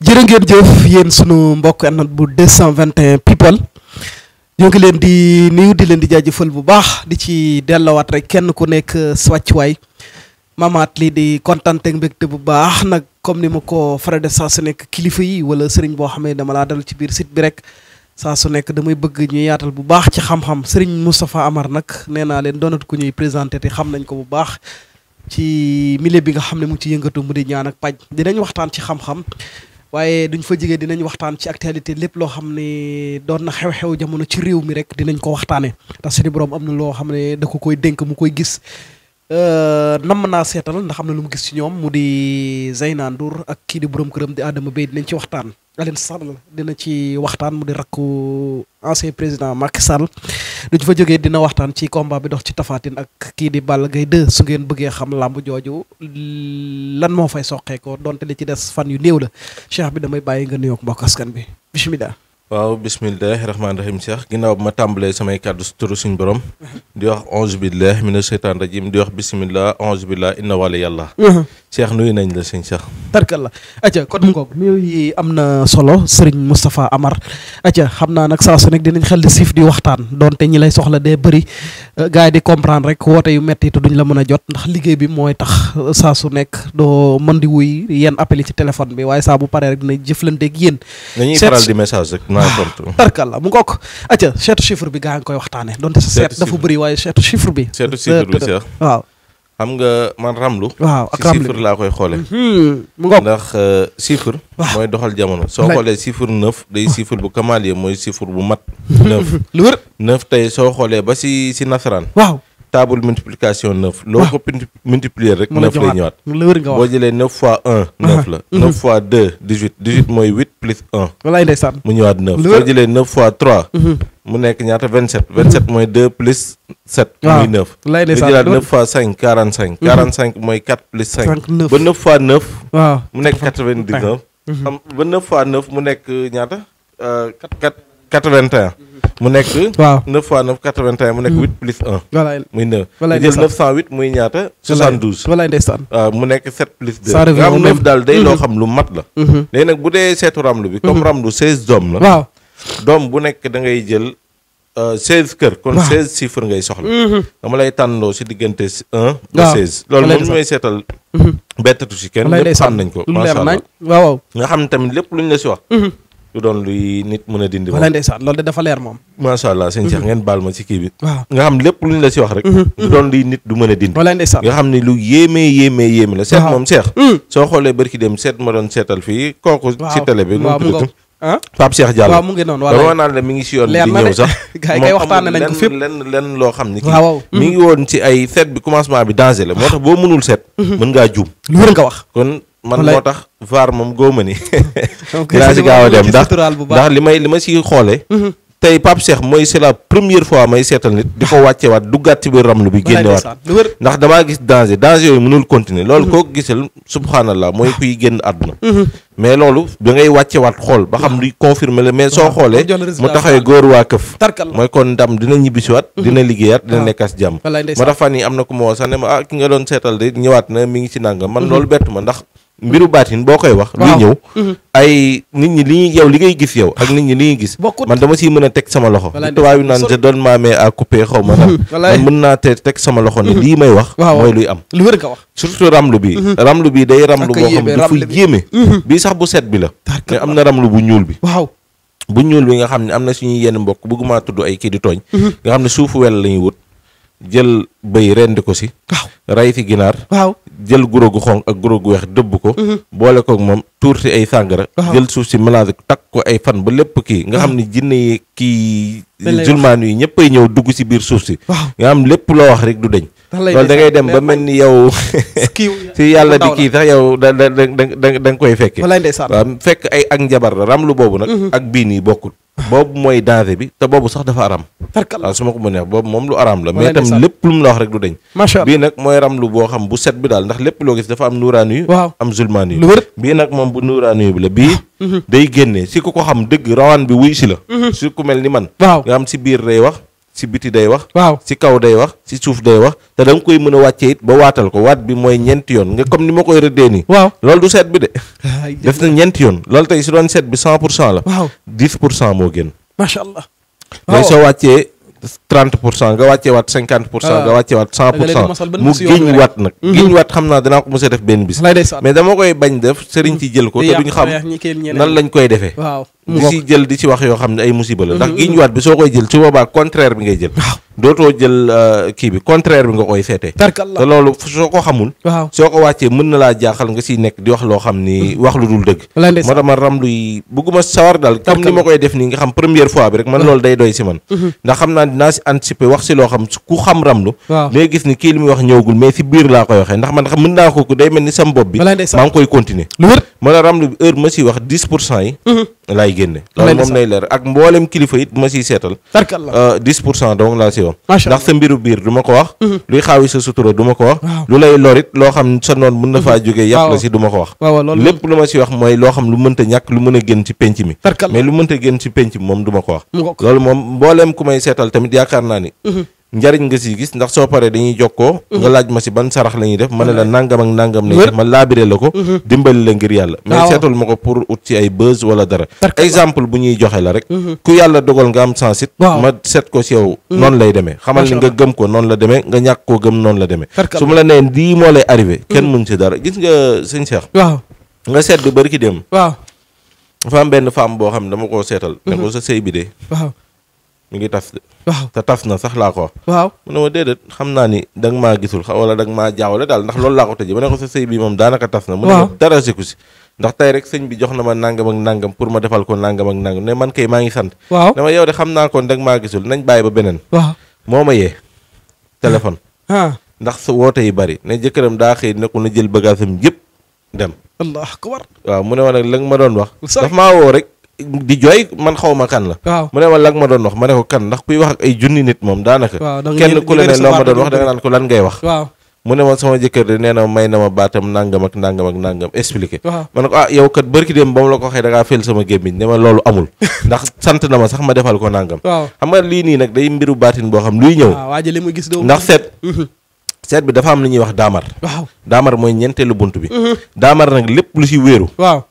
jërë ngeen jëf yéen sunu mbokk anat bu 221 people ñoo ngi leen di nuyu di leen di jaajëfal bu baax di ci dellowaat rek kenn ku nekk swàccuwaay mamaat lii di kontaan ak mbégte bu baax nag comme ni ma ko faral di saa su nekk kilifa yi wala sëriñ boo xam ne dama laa dal ci biir sit bi rek saa su nekk damay bëgg ñu yaatal bu baax ci xam-xam sëriñ Moustapha Amar nag nee naa leen doonat ku ñuy présenté te xam nañ ko bu baax ci milieu bi nga xam ne mu ci yëngatu mu di ñaan ak paj dinañ waxtaan ci xam waaye duñ fa jigee dinañ waxtaan ci actualité lépp loo xam ne doon na xew-xew jamono ci réew mi rek dinañ ko waxtaanee ndax suñu borom am na loo xam ne da ko koy dénk mu koy gis. Euh, nam naa seetal ndax am na lu mu gis ci ñoom mu di Zeyna Ndour ak kii di borom këram di Adama Bey dinañ ci waxtaan. Alioune Sall dina ci waxtaan mu di rakku ancien président Macky Sall. duñ fa jógee dina waxtaan ci combat bi dox ci tafaatin ak kii di bal Gaye 2 su ngeen bëggee xam làmb jooju lan moo fay soqeekoo donte li ci des fan yu néew la cheikh bi damay bàyyi nga nuyoog mbokk askan bi bisimilah. waaw bisimilahi rahmaani rahim cheikh ginnaaw bi ma tàmbalee samay kàddu su turu suñ borom di wax onze billah mina seytaan rajim di wax bisimillah onze billah inna wali yàlla Cheikh nuyu nañ la sëñ Cheikh. tarkal la acca kon mu ngoog nuyu yi am na solo Serigne Moustapha Amar acca xam naa nag saa su nekk dinañ xel di siif di waxtaan donte ñi lay soxla dee bëri euh, gars di comprendre rek woote yu metti la mën a jot ndax liggéey bi mooy tax euh, saa su nekk doo mën di wuy yenn appel ci téléphone bi waaye saa bu paree rek dina jëflanteeg yéen. dañuy faral di message rek maa ah, la mu ngoog acca seetu chiffre bi gaa waxtaanee donte sa seet dafa bëri seetu chiffre bi. seetu chiffre bi euh, Cheikh xam nga man ramlu. waaw ak ramlu si chiffre laa koy xoolee. Hmm, mu ngoog ndax euh, chiffre. mooy doxal jamono soo xoolee chiffre neuf day chiffre bu kamaal mooy chiffre bu mat. neuf lu wër tey soo xoolee ba si si nasaraan. waaw table multiplication neuf. loo ko multiplier rek. neuf lay ñëwaat lu wër nga wax boo jëlee neuf fois un. neuf la neuf fois deux dix huit dix huit mooy huit plus un. walaay ndeysaan mu ñëwaat neuf. boo jëlee neuf fois trois. mu nekk ñaata 27. 27 mm-hmm. mooy 2 plus 7. waaw ah, muy 9. lay de saa mm-hmm. ah. mu nekk 99. xam mm-hmm. ba 9 fois 9 mu nekk ñaata. 4 4 81. mu nekk. waaw ah. 9 plus 1. walaay muy 9 daal day loo xam lu mat la. léegi nag bu dee seetu ramlu bi. comme ramlu 16 doom la. doom bu nekk da jël. Euh, seize kër. kon seize chiffres ngay soxla. Mhm. dama lay tànnloo si diggante un. ba seize loolu moom ñu may seetal. Mhm. bettatu si kenn lépp xam nañ ko. macha nga xam ne lépp luñ la si wax. Mhm. du doon luy nit mën a dindi. wala ndeysaan loolu de dafa leer moom. macha allah sëñ Cheikh ngeen baal ma ci kii bi. waaw nga xam lépp luñ la wax rek. du doon luy nit du mën a dindi. wala ndeysaan nga ne lu yéemee yéemee yéeme la. waaw seet moom seex. soo xoolee barki dem seet ma doon seetal fii kooku. si télé bi nu mu ah Pape Cheikh Diallo waaw mu ngi noonu wala naan la mi ngi si yoon. leer na de sax gars yi lenn loo xam ni. waaw mi ngi woon ci ay seet bi commencement bi danger la moo tax boo mënul seet. Mhm. mën ngaa juum. lu wër nga wax kon. man moo tax vaar moom góoma ni. donc dinaa si gaaw a dem ndax ndax li may li ma si xoolee. Mhm. tey Pape Cheikh mooy c'est première fois may seetal nit di ko wàccewaat duggaat ci biir ramlu bi génnewaat ndax damaa gis danger danger yooyu mënul continuer loolu mhm. koo gisal subhanallah mooy ah. kuy génn àdduna mhm. mais loolu da ngay wàccewaat xool ba xam ah. luy confirmer la mais soo ah. xoolee mu taxawee góor waa këf mooy kon ndam dina ñibbisiwaat mhm. dina liggéeyaat dina nekkas jàmm ma dafa yi am na ku ma woo sax ne ma ah ki nga doon seetal de ñëwaat na mi ngi ci nàngam man loolu bett ma mbiru baatin boo koy wax. luy ñëw mhm. ay nit ñi li ñuy yow li ngay gis yow ak nit ñi li ñuy gis. man dama siy mën a teg sama loxo. li tubaab yi naan je donne ma main à couper xaw ma man mën naa te teg sama loxo ne mhm. lii may wax. mooy luy am. lu wér nga wax surtout ramlu bi. Mhm. ramlu bi day ramlu boo xam dafa yéeme. bii sax bu set bi la. mais am na ramlu bu ñuul bi. waaw bu ñuul bi nga xam ne am na suñuy yenn mbokk bëgguma tudd ay kii di tooñ. nga xam ne suufu wel la ñuy wut jël bëy rendi ko si. waaw jël guro gu xonq ak guro gu weex dëbb ko mhm. boole kook moom tuur si ay sàngara jël suuf si mélange ko takk ko ay fan ba lépp kii nga xam ne jinne yi kii zulmaan yi ñëpp ay ñëw dugg si biir suuf si nga xam lépp loo wax rek du deñ loolu da ngay dem ba mel ni yow si yàlla di kii sax yow da da da da da nga koy fekke waaw fekk ak njabar la ramlu boobu nag mhm. ak bii nii bokkul boobu mooy danger bi te boobu sax dafa aram waaw su ma ko mënee boobu moom lu aram la mais itam lépp lu mu la wax rek du deñ macha bii nag mooy lu boo xam bu set bi daal ndax lépp loo gis dafa am nuuraanu yu waaw am zulmaani yu lu wër bii nag moom bu nuuraanu yu bi la bii mhm. day génnee si ko ko xam dëgg rawaan bi wuy si la mhm. si ku mel ni man nga am si biir day wax si biti day wax. waaw si kaw day wax si suuf day wax te da koy mën a wàccee it ba waatal ko waat bi mooy ñeent yoon nga comme ni ma koy rëddee nii. waaw loolu du seet bi de. def na ñeenti yoon lool tey si doon seet bi 100 pour cent la. waaw 10 pour cent moo gën. soo wàccee 30 pour cent nga wàccee waat 50 pour cent ah. nga wàccee waat 100 pour cent mu giñ waat nag. Mm-hmm. giñ waat xam naa danaa ko mos a def benn bis. mais dama koy bañ def sëriñ ci jël ko. te duñ xam nan lañ koy defe di si jël di ci wax yoo xam ne ay musiba la ndax mm-hmm. giñ waat bi soo koy jël su boobaa contraire bi ngay jël dootoo jël euh, kii bi contraire bi nga koy seetee te loolu soo ko xamul soo ko wàccee mën na laa jaaxal nga siy nekk di wax loo xam ni mm-hmm. wax lu dul dëgg moo tax ma ramlu yi bugguma sawar daal comme ni ma koy def nii nga xam première fois bi rek man loolu day doy si man mm-hmm. ndax xam naa dinaa si anticiper wax si loo xam ku xam ramlu mais gis ni kii li muy wax man la ramlu bi heure ma si wax 10 pour cent yi. Mhm. laay génne. loolu moom nay leer ak mbooleem kilifa it ma siy seetal. tarkalla 10 euh, pour cent donc laa si wax. ndax sa mbiru biir du ma ko wax. Mhm. luy xaawi sa sutura du ma ko wax. lu lay lorit loo xam sa noon mën na mhm. faa jógee. yàq la si du ma ko wax. lépp lu ma si wax mooy loo xam lu mënta ñàkk lu mën a génn ci penc mi. mais lu mënta génn ci penc mi moom du ma ko wax. loolu moom mbooleem ku may seetal tamit yaakaar naa ni. njariñ nga si gis ndax soo paree dañuy jokkoo nga mhm. laaj ma si ban sarax la ñuy def ma ne la nangam ak nangam lañuy def ma laabire la ko mhm. dimbali la ngir yàlla seetal ma ko pour ut si ay buzz wala dara exemple bu ñuy joxe la rek mhm. ku yàlla dogal nga am sensit ma seet ko si yow noonu lay demee xamal ni nga gëm ko noonu la demee nga ñàkk koo gëm noon la demee su ma la nee lii moo lay arrivé kenn mun si dara gis nga sëñ seex waaw nga seet lu bari ki dem waaw am benn femme boo xam ne dama koo seetal ne ko sa sëy bi dee mi ngi tas de. waaw te tas na sax laa ko wax. waaw mu ne ma déedéet xam naa ni da maa gisul xa wala da nga maa jaawale daal ndax lool laa ko tëjee ma ne ko sa sëy bi moom daanaka tas na. ma dara si ku ndax tey rek sëñ bi jox na ma nangam nangam pour ma defal ko nangam ak ne man kay maa ngi sant. waaw dama yow de xam naa kon da maa gisul nañ bàyyi ba beneen. waaw moo ma téléphone. ndax sa woote yi bari ne jëkkëram daa xëy ne ko na jël bagage am dem. allah akbar waaw mu ne ma nag ma doon wax. daf maa woo rek di jooy man xaw ma kan la. waaw mu ne ma lan ma doon wax ma ne ko kan ndax kuy wax ak ay junni nit moom daanaka. kenn ku da nga naan ko lan ngay wax. waaw mu ne ma sama jëkkër de nee na may na ma baatam nangam ak nangam expliqué. ma ne ko ah yow kat barki dem ba mu la ko waxee da ngaa fel sama gémmiñ ne ma loolu amul. ndax sant na ma sax ma defal ko nangam. waaw xam nga lii nii nag day mbiru baatin boo xam luy ñëw. mu gis ndax seet. Mhm. seet bi dafa am lu ñuy wax daamar. waaw daamar mooy ñeenteelu bunt bi. Mhm. daamar nag lépp lu ci wéeru. waaw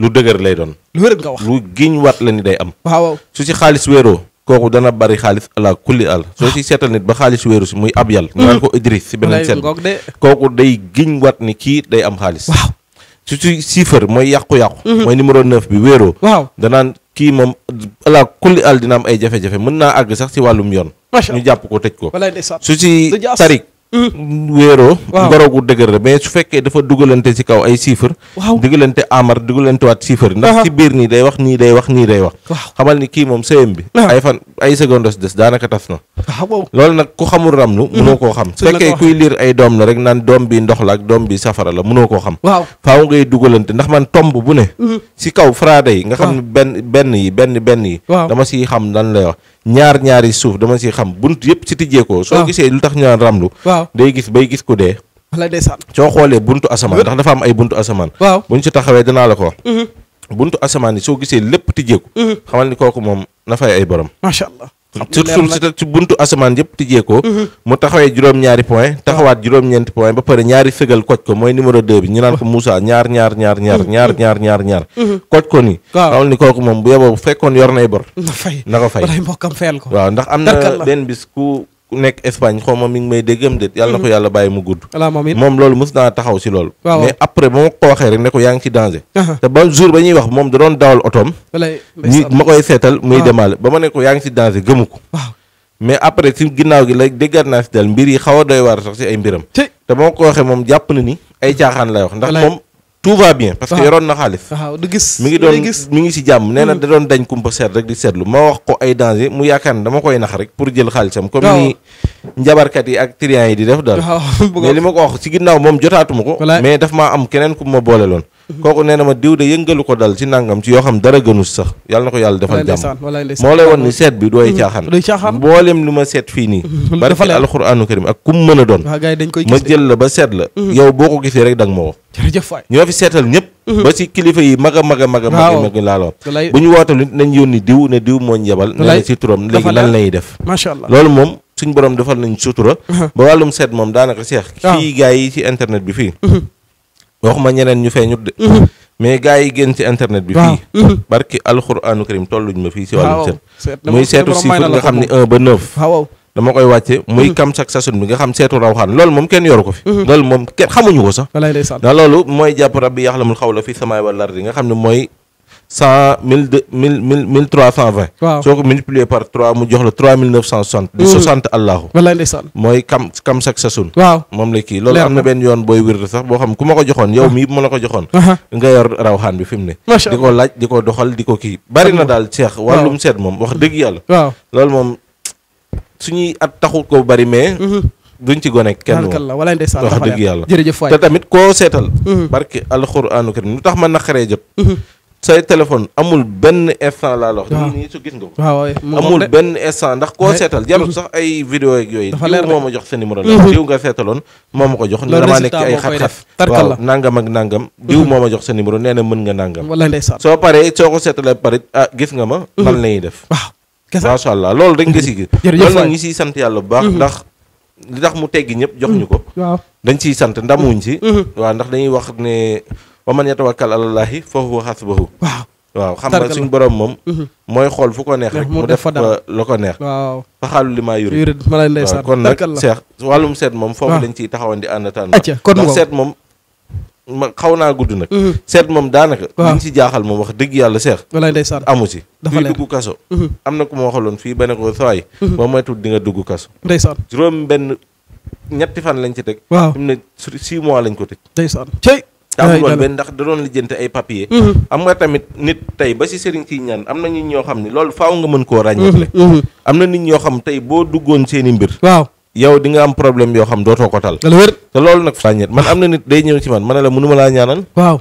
lu dëgër lay doon. lu wér nga wax lu giñ waat la ni day am. waaw su si xaalis weeroo kooku dana bari xaalis ala kulli àll. soo ci seetal nit ba xaalis wéeru si muy ab yàll nga naan ko mm-hmm. Idriss si beneen seet. kooku day giñ wat ni kii day am xaalis. waaw su si chiffre mooy yàqu-yàqu. Mm-hmm. mooy numéro 9 bi wéeroo. waaw danaan kii moom ala kulli àll dina am ay jafe-jafe mën naa àgg sax si wàllum yoon. ñu jàpp ko tëj ko. su ci tarik Euh, wéeroo gorogu dëgër la mais su fekkee dafa dugalante si kaw ay chiffres waaw dugalante amar dugalante waat chiffres ndax ci biir nii day wax nii day wax nii day wax xamal ni kii moom sëyam bi ay fan ay secondes des daanaka tas na ah, loolu nag ku xamul ramlu mhm. mënoo koo xam su fekkee kuy liir ay doom la rek naan doom bi ndox la ak doom bi safara la mënoo koo xam faaw ngay dugalante ndax man tomb bu ne si mhm. kaw frada yi nga xam ne benn benn yi benn benn yi dama si xam lan lay wax ñaar ñaari suuf dama ciy xam bunt yëpp ci tijjeekoo soo gisee lu tax ñu naan waaw day gis bay gis ku dee. wala ndeysaan soo xoolee buntu asamaan ndax dafa am ay buntu asamaan. bu ñu ci taxawee danaa la ko wax. Mhm. buntu asamaan yi soo gisee lépp tijjeeku. Mhm. xamal ni kooku moom na fay ay borom. macha allah. surtout si ci buntu asamaan yëpp tijjee ko mhm. mu taxawee juróom-ñaari point taxawaat juróom-ñeenti point ba pare ñaari fégal koj ko mooy numéro 2 bu yeboo fekkoon yor na ko fay na ko ndax am na benn bis ku nekk Espagne xaw ma mi ngi may déggam déet yàlla ko mhm. yàlla bàyyi mu gudd moom loolu mës naa taxaw si loolu mais après ba ma ko waxee rek ne ko yaa ci danger te ba jour ba ñuy wax moom da doon dawal otoom ma koy seetal muy ah. demaale ba ma ne ko yaa ngi danger gëmu mais après si ginnaaw gi la déggaat naa si dal mbir yi xaw a doy waar sax si ay mbiram te ba ma ko waxee moom jàpp na ni ay caaxaan lay wax ndax moom tout va bien parce que yoroon na xaalis waaw ngi doon mi ngi ci jàmm nee na mm. da doon dañ kumpa seet rek di seetlu ma wax ko ay danger mu yaakaar ne dama koy nax rek pour jël xaalisam comme ni njabarkat yi ak trian yi di def daal mais li ma ko wax ci ginnaaw moom jotaatuma ko mais daf maa am keneen ku ma boole loon kooku nee na ma diw de yëngalu ko dal ci nangam ci yoo xam dara gënus sax yàlla na ko yàlla defal jàmm moo lay wan ni seet bi dooy caaxaan mboolem lu ma seet fii nii barke alquranu karim a doon ma jël la ba seet la mm-hmm. yow da nga mm-hmm. kilifa yi mag a mag a mag a mag laa la wax bu ñu wootal nit nañ yónni diw ne diw mooñ yebal ne ci turam léegi lan lay def loolu moom suñ borom defal nañ sutura uh-huh. ba wàllum seet moom daanaka seex kii gaa yi ci internet bi fii mm-hmm. waxuma ñeneen ñu feeñut de. Mhm. mais gars yi génn ci internet bi. fii mhm. barki alxuraanu karim tolluñ ma fii si wàllum seet. muy seetu si nga xam ni 1 ba 9. dama koy wàcce muy mhm. kam sak bi nga xam seetu raw xaan loolu moom kenn yoru ko fi loolu moom kenn xamuñu ko sax ndax loolu mooy jàpp rab bi yaxlamul xaw la fi samaay wal ardi nga xam ne mooy cent mille deux mille mille mille trois cent vingt. waaw soo ko multiplier par trois mu jox la trois mille neuf cent soixante. di mm. soixante allahu. mooy kam kam sak sasun. moom la kii loolu am na benn yoon booy wird sax boo xam ku ma ko joxoon yow mii bu ma ko joxoon. nga yor rawxaan bi fi ne. di ko laaj di ko doxal di ko kii. bari na daal Cheikh wàllum seet moom wax dëgg yàlla. waaw loolu moom suñuy at taxul ko bari mais. Mm-hmm. duñ ci gone kenn la wala ndeysaan wax dëgg yàlla jërëjëf waay te tamit koo seetal. Mm-hmm. barke alxuraanu karim lu tax ma naqaree jot. Mm-hmm. say téléphone amul benn instant laa la wax. waaw nii su gis nga ko. amul benn instant ndax koo seetal jarul sax ay vidéo ak yooyu. dafa leer a ma jox sa numéro la. Mhm. diw nga seetaloon moo ma ko jox. loolu damaa nekk ay xat-xat waaw nangam ak nangam. Mhm. diw moo ma jox sa na mën nga nangam. wala soo paree soo ko seetalee pare ah gis nga ma. Mhm. la ñuy def. waaw kese macha allah loolu rek nga si gis. jërëjëf loolu nag ñu siy sant yàlla bu baax ndax. li tax mu teggi ñëpp jox ñu ko. waaw dañ siy sant ndamuñ si. waaw ndax dañuy wax ne wa man yatawakkal alallaahi fa huwa hasbuhu waaw waaw xam nga suñ borom moom mhm. mooy xool fu ko neex rek mu def la ko neex waaw faxaalu li maa yurid kon nag seex wàllum seet moom foofu ah. lañ ciy taxawandi ànd taan mu seet moom ma xaw naa gudd nag mhm. seet moom daanaka liñ ci jaaxal moom wax dëgg yàlla seex walaay ndeysaan amu si dafa leer dugg kaso mhm. am na ku ma waxaloon fii ba ne ko sawaay ba moytul di nga dugg kaso ndeysaan juróom benn ñetti fan lañ ci teg waaw mu ne six mois lañ ko teg daa woon ndax da doon lijjanti ay papier mhm. am nga tamit nit tey ba si sëriñ ciy ñaan am na nit ñoo xam ne loolu faaw nga mën koo mhm, ràññetle mhm. am na nit ñoo xam tey boo duggoon seeni i mbir waaw yow di nga am problème yoo xam dootoo ko tal wér te loolu nag ràññet man am na nit day ñëw ci man ma ne la mënu ma laa ñaanal waaw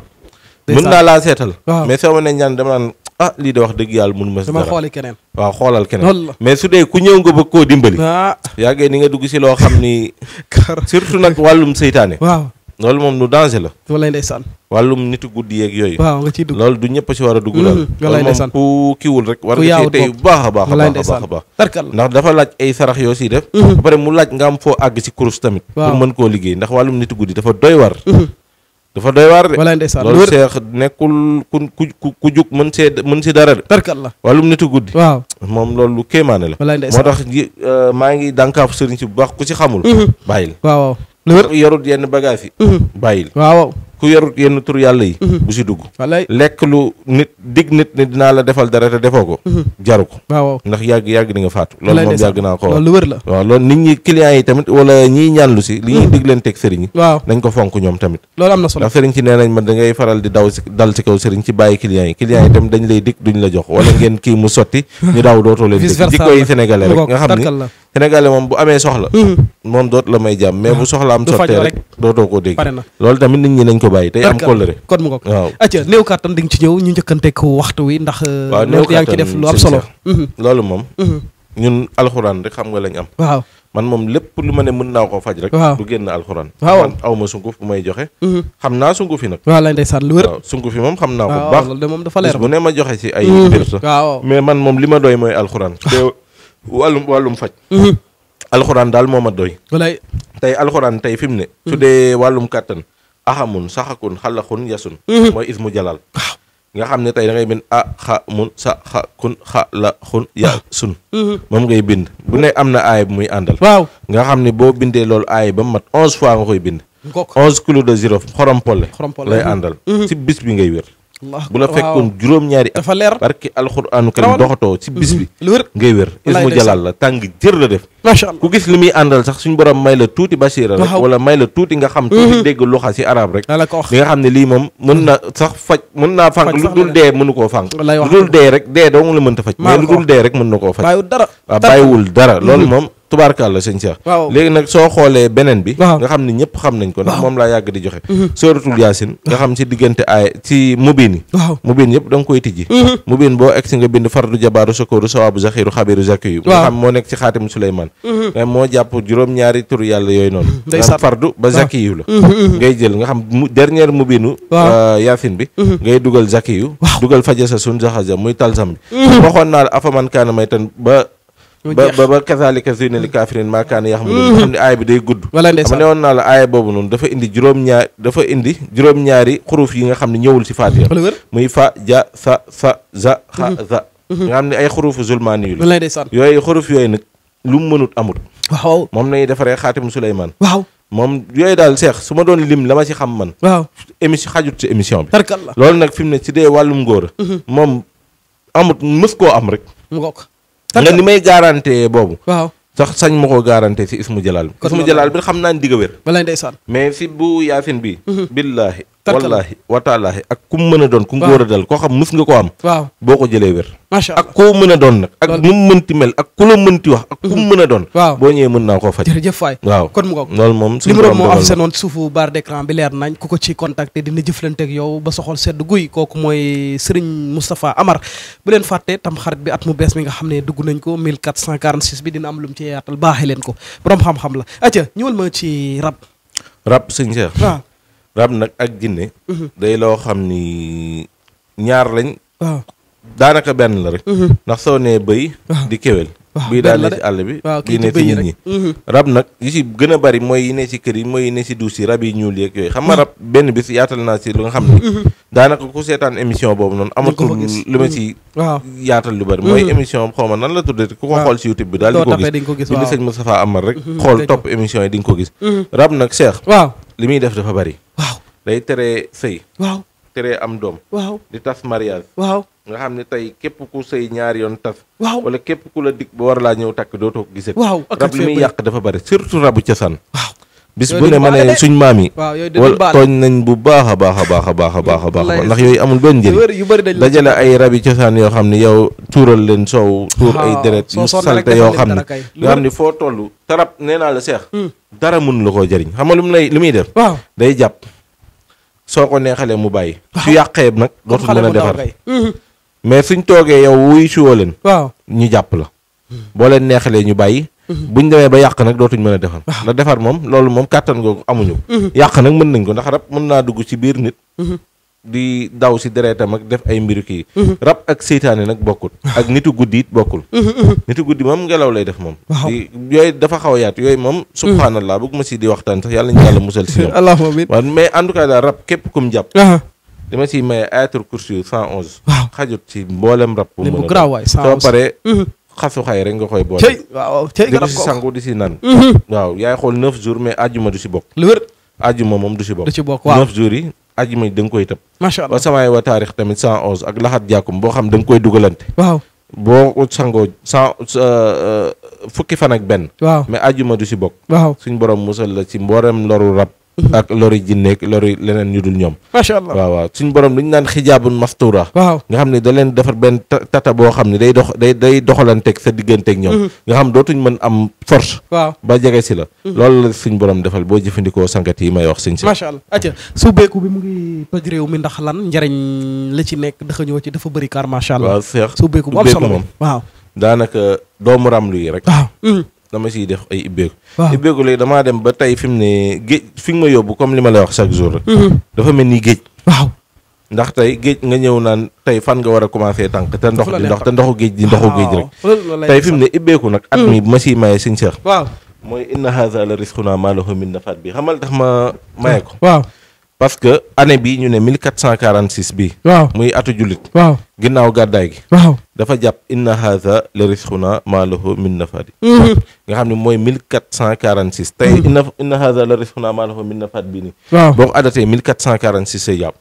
mën naa laa seetal mais soo ma ne ñaan dama naan ah lii de wax dëgg yàlla mënu ma si dara xooli keneen waaw xoolal keneen mais su dee ku ñëw nga bëgg koo dimbali ah. yàggee ni nga dugg si loo xam ni surtout nag wàllum seytaane waaw loolu moom lu danger la. walaay ndeysaan. wàllum nitu guddi yeeg yooyu. waaw nga loolu du ñëpp si war a dugg. walaay mhm, ndeysaan loolu moom ku kiiwul rek. war nga ciy tey bu baax a baax. baax ndeysaan tarkal ndax dafa laaj ay sarax yoo siy def. Mhm. ba pare mu laaj nga am foo àgg si kurus tamit. pour mën koo liggéey ndax wàllum nitu guddi dafa doy war. Mhm. dafa doy waar de. walaay ndeysaan loolu nekkul ku ku ku jug mën see mën si dara de. la wàllum nitu guddi. moom loolu lu kéemaane la. walaay ndeysaan moo tax euh, maa ngi dànkaaf sëriñ si bu baax ku si xamul. bàyyil waaw lu wér yorut yenn bagage yi. Mhm. bàyyil waaw. ku yorut yenn tur yàlla yi mhm. bu si dugg lekk lu nit dig nit ni dinaa la defal dara te defoo ko mhm. jaru ko ndax yàgg yàgg di nga faatu loolu moom naa ko loolu wër la waaw loolu nit ñi clients yi tamit wala ñiy ñaanlu si li ñuy mhm. dig leen teg sëriñ yi waaw nañ na solo ndax sëriñ ci nee nañ ma da ngay faral di daw si dal si kaw sëriñ ci bàyyi clients yi clients yi tamit dañ lay dig duñ doot la may jàmm mais bu ah. soxla am sottee rek dootoo ko dégg loolu tamit nit ñi nañ ko bàyyi tey am kóllëre kon mu ngoog waaw acca néew kàttan di nga ci ñëw ñu njëkkanteeg waxtu wi ndax waaw euh, néew yaa ngi ci def lu mhm. loolu moom mhm. ñun alxuraan xam nga lañ am waaw man moom lépp lu ma ne mën naa koo faj rek du génn alxuraan waaw aw ma sunguf bu may joxe mhm. xam naa sungufi nag waaw lay ndeysaan lu wér sunguf yi moom xam naa ko moom dafa leer bu ne ma joxe si ay mbir mais man moom li ma doy mooy alxuraan te wàllum wàllum faj alxuraan daal moo ma doy walaay tey alxuraan tey fi ne su dee wàllum kàttan axamun saxakun xalaxun yasun mhm. mooy ismu jalal nga xam ne tey da ngay bind a xa mun sa xa kun xa la xun ya sun mhm. moom ngay bind bu ne am na aay bu muy àndal waaw nga xam ni boo bindee loolu aay ba mu mat onze fois nga koy bind onze kilos de zéro xorom polle lay àndal si mhm. bis bi ngay wér bu la fekkoon juróom-ñaari dafa leer barki alxuraanu karim doxatoo ci bis bi mm-hmm. ngay wér ismu jalal la tàng jër la def macha allah ku gis li muy àndal sax suñ borom may la tuuti basira rek wala may la tuuti nga xam tuuti mm-hmm. dégg luxa ci arab rek li nga xam ne lii moom mën na sax faj mën naa fànq lu dul dee mënu koo fànq lu dul dee rek dee doo la mënta faj mais lu dul dee rek mën na koo faj bàyyiwul dara mm-hmm. loolu moom tubaarkàlla sëñ Cheikh waaw léegi nag soo xoolee beneen bi nga xam ne ñëpp xam nañ ko ndax moom laa yàgg di joxe mm-hmm. suratul yaasin nga xam si diggante aay ci mubin yi waaw mubin yëpp da nga koy tijji mm-hmm. mubin boo egsi nga bind fardu jabaaru sakooru sawaabu zaxiru xabiru zakiyu nga xam moo nekk ci xaatim suleymaan mm-hmm. nga moo jàpp juróom-ñaari tur yàlla yooyu noonu nga fardu ba zakiyu la ngay jël nga xam dernier mubinu euh, yaasin bi ngay dugal zakiyu dugal faja sa sun zaxaja muy talsam bi ba ba kasaalika zuy li kaafirin maakaana yaa mm-hmm. xam ne aay bi day gudd wala ndeysaan ne woon naa la juróom-ñaar dafa indi juróom-ñaari yi nga xam ne ñëwul si Faatiha muy fa ja sa sa za xa mm-hmm. za mm-hmm. nga xam ne ay xurufu zulmaani yu la yooyu xuruf yooyu nag lu mu mënut amul waaw moom nañuy defaree xaatimu Suleymaan waaw moom yooyu daal seex su ma doon lim la ma ci xam man waaw émission xajut ci émission bi tarkalla loolu nag fi mu ne ci dee wàllum ngóor moom amut mës koo am rek mu nga ni may garanté boobu. waaw sax sañ ma koo garanté si ismu jalaal bi. ismu jalaal bi xam naa ni digg wér. balay ndeysaan mais si bu yaasin bi. Mhm. billaahi wallaahi wataalaahi ak ku mu mën a doon ku ngóor a dal koo xam mus nga ko am boo ko jëlee wér macha ak koo mën a doon nag ak nu mu mënti mel ak ku mënti wax ak ku mhm. mën a doon waaw boo ñëwee mën naa koo faj jërëjëf waay waaw kon mu ngoog loolu moom moo affiché noonu suufu barre d'écran bi leer nañ ku ko ci contacté dina jëflante ak yow ba soxol sedd guy kooku mooy Serigne Moustapha Amar bu leen fàtte tam xarit bi at mu bees mi nga xam ne dugg nañ ko mille 1446 bi dina am lu mu ci yaatal baaxee leen ko borom xam-xam la aca ñëwal ma ci rab rab sëñ Cheikh ah. rab nag ak jinne mhm. day loo xam ni ñaar lañ. waaw daanaka benn la rek. Mhm. ndax soo nee bëy. di kéwél. bii daal ci àll bi. waaw kii ne ñi. Mhm. rab nag yi ci gën a bari mooy yi ne ci kër yi mooy yi ne ci duus yi rab yi ñuul yeeg yooyu xam nga rab benn bis yaatal naa ci lu nga xam ni. daanaka ku seetaan émission boobu noonu. amatul lu ma ci. yaatal lu bari. mooy émission xaw ma nan la tuddee ku ko xool ci YouTube bi daal di ko gis. doo tapé di nga ko gis rek. xool topp émission gis. rab nag Cheikh. li muy def dafa bari day tere sëy waaw tere am doom waaw di tas mariage waaw nga xam ne tey képp ku sëy ñaari yoon tas waaw wala képp ku la dig ba war laa ñëw takk dootoo ko gisee waaw rab li muy yàq dafa bari surtout rabu cosaan waaw bis bu ne ma ne suñ maam yi wala tooñ nañ bu baax a baax a baax a baax a baax a baax ndax yooyu amul benn njëriñ dajale ay rabi cosaan yoo xam ne yow tuural leen soow tuur ay deret yu salte yoo xam ne yoo xam ne foo tollu tarab nee naa la seex hmm. dara mun la koo jëriñ xam nga lu mu lay lu muy def day jàpp soo ko neexalee mu bàyyi su yàqee nag dootul mën a defar hmm. mais suñ toogee yow wuy siwoo leen ñu jàpp la hmm. boo leen neexalee ñu bàyyi ñu demee ba yàq nag dootuñ mën a defar ah. ndax defar moom loolu moom kàttan googu amuñu mhm. yàq nag mën nañ ko ndax rab mën naa dugg ci biir nit mhm. di daw si dereetam ak def ay mbiru kii mhm. rab ak seytaane nag bokkul ah. ak nitu guddi it bokkul nitu guddi moom ngelaw lay def moom di yooyu dafa xaw a yaatu yooyu moom subhaanallaa bëgg ma si di waxtaan sax yàlla ñu yàlla musal si ñoom waaw mais en tout cas daal rab képp kum jàpp dama si maye ayatul kursi yu cent onze xajut si a xasu xay rek nga koy boole. tey waaw tey si sangu di si nan. Uhuh. waaw yaay xool 9 jours mais àjjuma du si bokk. lu wér àjjuma moom du si bokk. du si bokk waaw 9 jours yi àjjuma da koy tëb. macha allah wa samaay wa taarix tamit 111 ak laxaat jàkkum boo xam da koy dugalante. waaw boo sangoo cent euh, euh, fukki fan ak benn. waaw mais àjjuma du si bokk. waaw suñ borom musal la ci mboolem loru rab. Mm-hmm. ak lori jinneeg lori leneen ñu dul ñoom macha allah waaw waaw suñ borom li ñu naan xijaabun mastura waaw nga xam ne da leen defar benn tata boo xam ne day dox day day doxalanteeg sa digganteeg ñoom mm-hmm. nga xam dootuñ mën am force waaw ba jege si la mm-hmm. loolu la suñ borom defal boo jëfandikoo sangat yi may wax suñ si macha allah su beeku bi mu ngi toj réew mi ndax lan njariñ la ci nekk dafa ñëw ci dafa bëri kaar macha allah waaw seex su beeku moom waaw daanaka doomu ramlu yi rek waaw dama siy def ay ibbeeku. waaw ibbeeku léegi damaa dem ba tey fi ne géej fi ma yóbbu comme li ma lay wax chaque jour rek. Mhm. dafa mel ni géej. waaw ndax tey géej nga ñëw naan tey fan nga war a commencé tànk te ndox di ndox te ndoxu géej di ndoxu géej rek. tey fi mu ne ibbeeku nag. at mi bu mhm. ma siy maye sincère. waaw mooy inna haza la risquna ma lahu min nafaat bi xamal tax ma maye ko. parce que année bi ñu ne 1446 bi waaw muy atu jullit waaw ginnaaw gàddaay gi waaw dafa jàpp inna haza la risquna ma lahu min nafadi mhm. nga xam ne mooy 1446 tey mhm. inna inna haza la risquna ma lahu min nafad bii nii waaw boo ko adatee 1446 say jàpp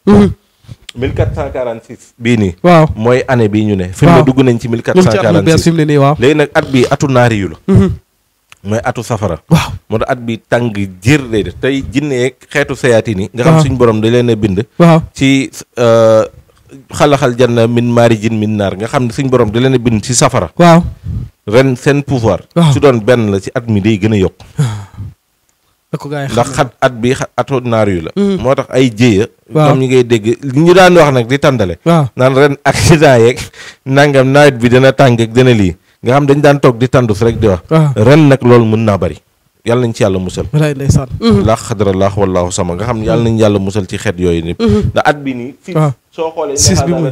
1446 mhm. bii nii mooy année bii ñu ne fi ne dugg nañ ci 1446 léegi nag at bi atu naari la mooy atu safara. waaw moo tax at bi tàng jër lay def tey jinne yeeg xeetu sayaatin yi. nga xam suñu borom da leen a bind. waaw ci euh, xalaxal janna min maari jin min naar nga xam ne suñu borom da leen bind ci safara. waaw ren seen pouvoir. su doon benn la ci at mi day gën a yokk. Ah. ndax xat at bi atu naar yu la. Mm. moo tax ay jéeya. waaw ñoom ñu ngay dégg li ñu daan wax nag di tàndale. waaw naan ren accident yeeg nangam nawet bi dana tàng ak dana lii. nga xam dañ daan toog di tandus rek di wax. Ah. ren nag loolu mën naa bari. yàlla nañ ci yàlla musal. walaay ndeysaan. Mhm. laa xadra laax wallaahu sama nga xam ne yàlla nañ yàlla musal ci xeet yooyu nii. Mhm. ndax at bi nii. six ah. soo xoolee. six bi mu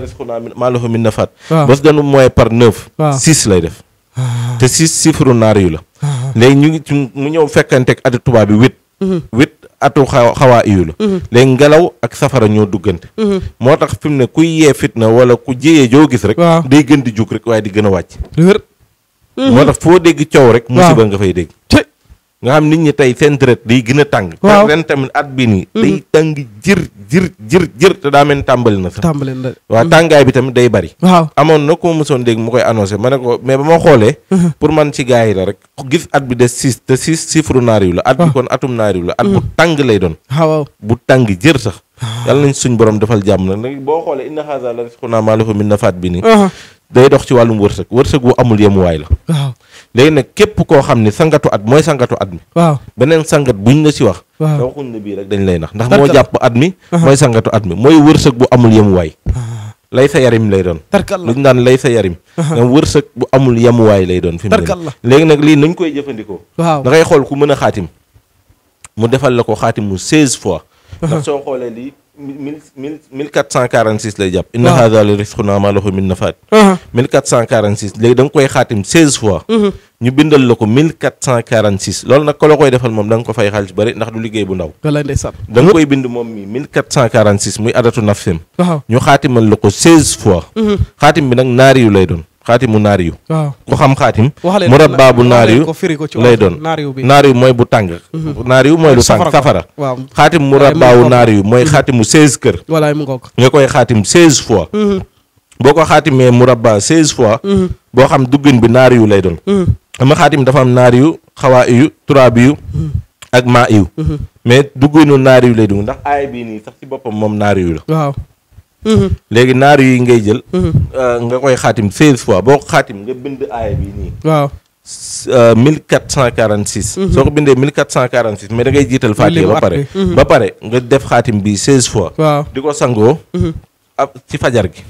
maa lahu min nafaat. Ah. bas ganu mooy par neuf. six lay def. te six chiffre naar yu la. léegi ñu ngi mu ñëw fekkante ak atu tubaab bi huit. Mhm. huit atu xaw xawaa iyu la. léegi ngelaw ak safara ñoo duggante. moo tax fi mu ne kuy yee fitna wala ku jiyee joo gis rek. day gën di jug rek waaye di gën a wàcc. moo tax foo dégg coow rek. musiba nga fay dégg. nga xam nit ñi tey seen deret day gën a tàng. waaw ren tamit at bi nii. day mhm. tàng jër jër jër jër te daa mel tàmbali na sax. tàmbali na waaw mhm. bi tamit day bari. amoon na ko mosoon dégg mu koy annoncé ma ne ko mais ba ma xoolee. Mhm. pour man ci gars yi la rek. gis at bi des six te six chiffre naariw la. at bi kon atum naariw la. at bu tàng lay doon. waaw bu tàng jër sax. Ah. yàlla nañ suñ borom defal jàmm nag boo xoolee inna xaaza la risquna maa lahu day dox ci wàllum wërsëg wërsëg bu amul yemuwaay la. waaw léegi nag képp koo xam ne sangatu at mooy sangatu at mi. beneen sangat bu ñu la si wax. waaw bii rek dañ lay nax ndax moo jàpp at mi. mooy sangatu at mi mooy wërsëg bu amul yemuwaay. lay sa yarim lay doon. tarkal la lu ñu naan lay sa yarim. nga wërsëg bu amul yemuwaay lay doon. fi mu ne léegi nag lii nañ koy jëfandikoo. waaw xool ku mën a xaatim mu defal la ko xaatim mu 16 fois. ndax soo xoolee lii mille lay jàpp inna haadha la rizqunaa maa lahu min uh-huh. mille quatre quarante six léegi da koy xaatim seize fois uh-huh. ñu bindal la ko mille nag ko la koy defal moom da ko fay xaalis bëri ndax du liggéey bu ndaw da koy bind moom mi mille quatre cent quarante six ñu xaatimal la ko seize fois uh-huh. xaatim bi nag naari yu lay doon xaatimu naari yu ku xam xaatim murabbaabu naari yu lay doon naari yu mooy bu tàng mhm. naari yu mooy lu tàng safara xaatim murabbaabu naari yu mooy mhm. xaatimu seize kër nga koy xaatim seize fois mhm. boo ko xaatimee murabba seize fois boo xam duggin bi naari yu lay doon ama xaatim dafa am naari yu xawaa iyu turaabi yu ak maa iyu mais dugginu naari yu lay dugg ndax aay bii nii sax ci boppam moom naari la Mm-hmm. léegi naar yi ngay jël. Mm-hmm. Euh, nga koy xaatim seize fois boo ko xaatim nga bind aaya bi nii. waaw. 1446. Euh, mm-hmm. soo ko bindee 1446 mais da ngay jiital Fatiha ba pare. ba pare nga def xaatim bi seize fois. di ko sangoo. ab ci fajar gi.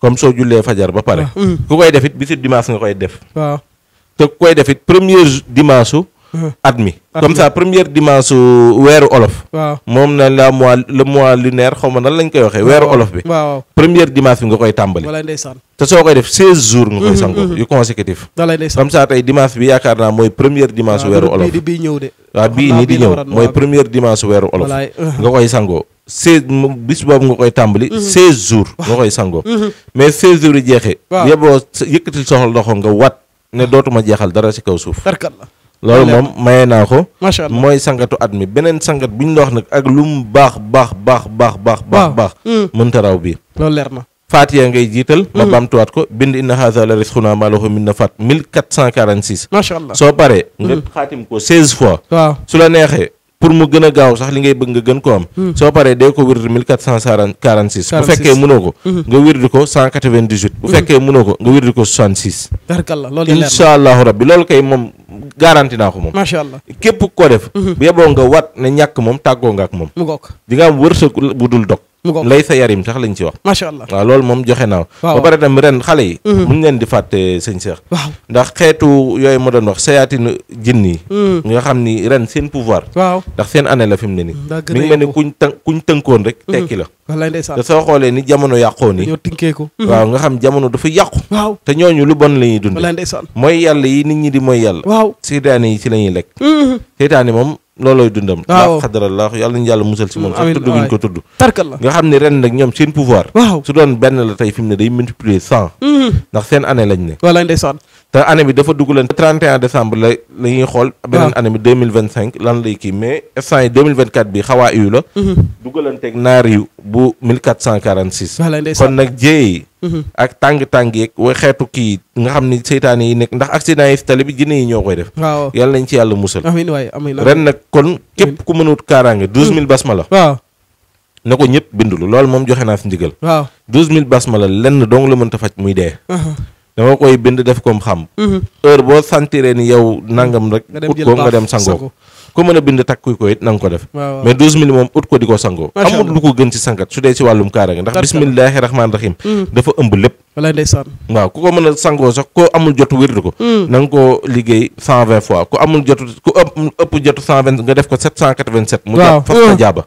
comme soo jullee fajar ba pare. ku koy def it bisu dimanche nga koy def. te ku koy def it premier dimanche at mi comme ça première dimanche weeru olof moom na la mois le mois lunaire xaw ma nan lañ koy waxee weeru olof bi première dimanche bi nga koy tàmbali te soo koy def seize jours nga koy mm-hmm, sangoo mm-hmm. yu consécutif comme ça tey dimanche yaakaar naa mooy première dimanche weeru olof waaw bii nii di ñëw mooy première dimanche weeru olof uh-huh. nga koy sangoo seize bis boobu nga koy tàmbali mm-hmm. seize jours nga koy sangoo mais seize jours yi jeexee yeboo yëkkatil soxla loxo nga wat ne dootuma jeexal dara ci kaw suuf tarkal la loolu moom maye naa ko. macha mooy sangatu at mi beneen sangat bu ñu la wax nag ak lu mu baax baax baax baax baax. baax baax hmm. mënta raw bi loolu leer na. Faatiya ngay jiital. ma hmm. bamtuwaat ko bind inna haazaa la rizqunaa maa lahu min nafaad 1446. macha allah soo paree. nga hmm. xaatim ko 16 fois. waaw su la neexee. pour mu gën a gaaw sax li ngay bëgg nga gën ko am hmm. soo paree dee ko wirdu 1446 bu hmm. hmm. fekkee mënoo ko nga wirdu ko 198 bu fekkee mënoo ko nga wirdu ko 66 barkallah loolu incha allahu rabbi loolu kay moom garanti naa ko moom macha allah képp ko def bu yeboo nga wat ne ñàkk moom tàggoo nga ak moom di nga am wërsëg bu dul dog lay sa yarim sax lañ ci wax macha allah waaw loolu moom joxe naaw ba pare tam ren xale yi mun mhm. ngeen di fàtte sëñ Cheikh ndax xeetu yooyu ma doon wax sayaatin jinn yi mhm. nga xam ni ren seen pouvoir waaw ndax seen année la fi mu ne nii mi ngi mel ni kuñ tën rek mhm. tekki la wallaay ndeysaan te soo xoolee ni jamono yàqoo ni ñoo tinkeeku waaw nga xam jamono dafa yàqu waaw te ñooñu lu bon la ñuy dund wallaay ndeysaan mooy yàlla yi nit ñi di mooy yàlla waaw seytaane yi ci la ñuy lekk seytaane moom loolooy dundam. waaw xadarallah yàlla ñu yàlla musal si moom. sax tudd guñ ko tudd. nga xam ne ren nag ñoom seen pouvoir. su doon benn la tey fi ne day multiplier cent. Mhm. ndax seen année lañ ne. te année bi dafa dugg leen. 31 décembre la la ñuy xool. waaw beneen année bi 2025 lan lay kii mais instant yi 2024 bi xawaa yu la. Mhm. duggalanteeg naar yu bu 1446. wala ndeysaan kon nag jéey. Mhm. ak tàng tàng yeeg wa xeetu kii nga xam ni seytaane yi nekk ndax accident yi si tali bi jinne yi ñoo koy def. waaw yàlla nañ ci yàlla musal. amiin waay amiin ren nag kon képp ku mënut kaaraange douze mille mm. basmala. waaw na ko ñëpp bindulu loolu moom joxe naa si ndigal. waaw douze mille basmala lenn dong la mënta faj muy dee. dama koy bind def ko xam. Mhm. heure boo sentiree ni yow nangam rek. ut ko nga dem sangoo ko ku mën a bind takkuy ko it na ko def. mais 12 mille moom ut ko di ko sangoo. amul lu ko gën ci sangat su dee si wàllum kaaraange ndax bismillaahi rahmaani rahiim. Mhm. dafa ëmb lépp. walaay ndeysaan waaw ku ko mën a sangoo sax ko amul jotu wérdu ko. Mhm. na ko koo liggéey 120 fois ku amul jotu ku ëpp ëpp jotu 120 nga def ko 787. mu jàpp fas na jaaba.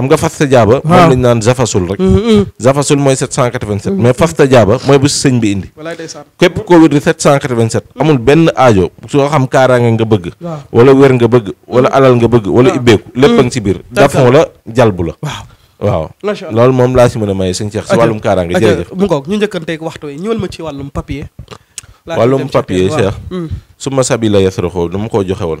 xam nga fasta jaaba moom lañ naan zafasul rek mm, mm. zafasul mooy 787 mm. mais fasta jaaba mooy bu sëñ bi indi képp koo wér di 787 amul benn aajo soo xam kaaraange nga bëgg wala wér nga bëgg wala alal nga bëgg wala ibbeeku lépp si ngi ci biir dafon la jalbu la waaw loolu moom laa si mën a maye sëñ Cheikh si wàllum kaaraange jërëjëf mu ngoog ñu njëkkanteeg waxtu ñëwal ma ci wàllum papier wàllum papier su ma sabi la yasraxoo dama koo joxe woon